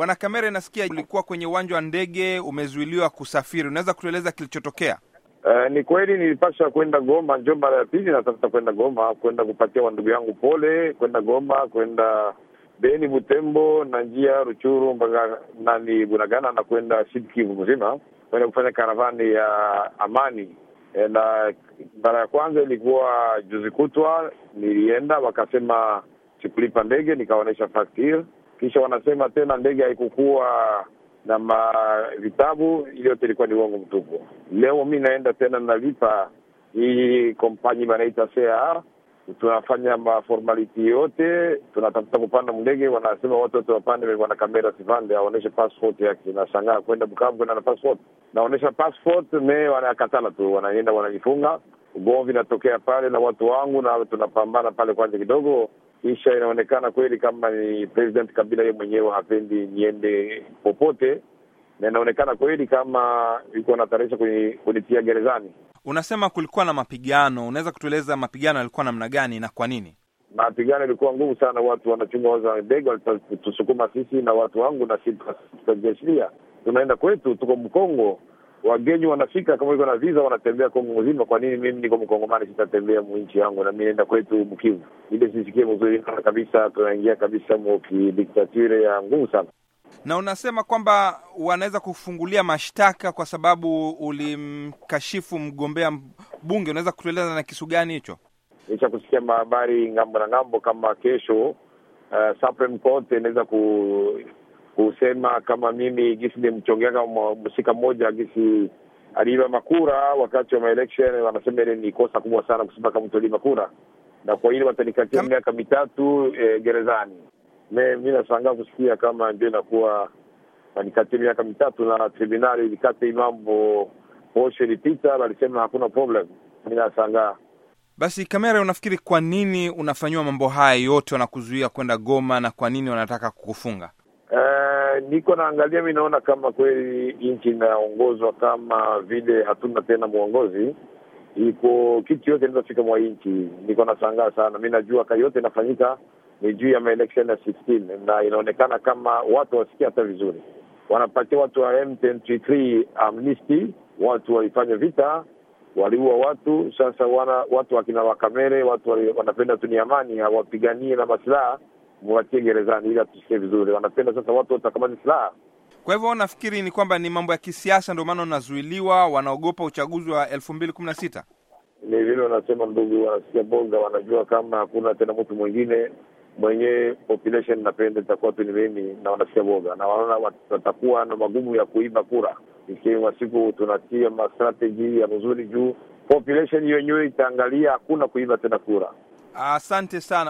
Bwana Kamera, inasikia ulikuwa kwenye uwanja wa ndege umezuiliwa kusafiri, unaweza kutueleza kilichotokea? Uh, ni kweli nilipasha kwenda Goma, njo mara ya pili natafuta kwenda Goma, kwenda kupatia wandugu yangu pole, kwenda Goma, kwenda Beni, Butembo na njia Ruchuru mpaka nani Bunagana na kwenda Sud-Kivu mzima kwenda kufanya karavani ya amani. Eh, na mara ya kwanza ilikuwa juzi kutwa, nilienda wakasema sikulipa ndege, nikaonyesha fakture kisha wanasema tena ndege haikukuwa na mavitabu, iliyote ilikuwa ni uongo mtupu. Leo mi naenda tena nalipa hii kompanyi wanaita CAR, tunafanya maformaliti yote, tunatafuta kupanda mndege, wanasema watu wote wapande, wana kamera sivande, aonyeshe passport yake. Nashangaa kwenda Bukavu kwenda na passport, naonyesha passport me, wanakatala tu, wanaenda wanajifunga. Ugomvi natokea pale na watu wangu, na tunapambana pale kwanza kidogo kisha inaonekana kweli kama ni President Kabila yeye mwenyewe hapendi niende popote, na inaonekana kweli kama yuko anatayarisha kunitia gerezani. Unasema kulikuwa na mapigano, unaweza kutueleza mapigano yalikuwa namna gani na kwa nini? Mapigano ilikuwa nguvu sana, watu wanachunga waza ndege walitusukuma sisi na watu wangu, na sisi tukajiashiria tunaenda kwetu, tuko Mkongo wageni wanafika, kama iko na visa wanatembea Kongo mzima. Kwa nini mimi niko mkongomani sitatembea mwinchi yangu? Na mi naenda kwetu Mkivu ile sisikie mzuri kabisa, tunaingia kabisa mkidiktature ya nguvu sana. Na unasema kwamba wanaweza kufungulia mashtaka kwa sababu ulimkashifu mgombea bunge, unaweza kutueleza na kisu gani hicho? Nisha kusikia mahabari ng'ambo na ng'ambo, kama kesho uh, Supreme Court inaweza ku kusema kama mimi gisi nimchongeaka msika mmoja gisi aliiba makura wakati wa maelection, wanasema ile ni kosa kubwa sana kusema kama mtu aliiba kura, na kwa hiyo watanikatia miaka mitatu e, gerezani. Mi nashangaa kusikia kama ndio inakuwa wanikatia miaka mitatu, na tribunali ilikata hii mambo posho ilipita, walisema hakuna problem. Mi nashangaa basi. Kamera, unafikiri kwa nini unafanyiwa mambo haya yote, wanakuzuia kwenda Goma na kwa nini wanataka kukufunga? niko naangalia, mi naona kama kweli nchi inaongozwa kama vile hatuna tena mwongozi, iko kitu yote inazofika mwa nchi. Niko nashangaa sana, mi najua ka yote inafanyika ni juu ya maelection ya 16 na inaonekana kama watu wasikia hata vizuri, wanapatia watu wa M23 watu walifanya vita, waliua watu. Sasa wana watu wakina Wakamere, watu wanapenda tu ni amani, hawapiganie na masilaha kuwatia gerezani ili atusikie vizuri. Wanapenda sasa watu watakabadhi silaha. Kwa hivyo nafikiri ni kwamba ni mambo ya kisiasa, ndio maana wanazuiliwa, wanaogopa uchaguzi wa elfu mbili kumi na sita. Ni vile wanasema ndugu, wanasikia bonga, wanajua kama hakuna tena mtu mwingine mwenyewe population napenda itakuwa tu ni mimi, na wanasikia boga na wanaona watakuwa na magumu ya kuiba kura, ikiwa siku tunatia mastrateji ya mzuri juu population yenyewe itaangalia, hakuna kuiba tena kura. Asante sana.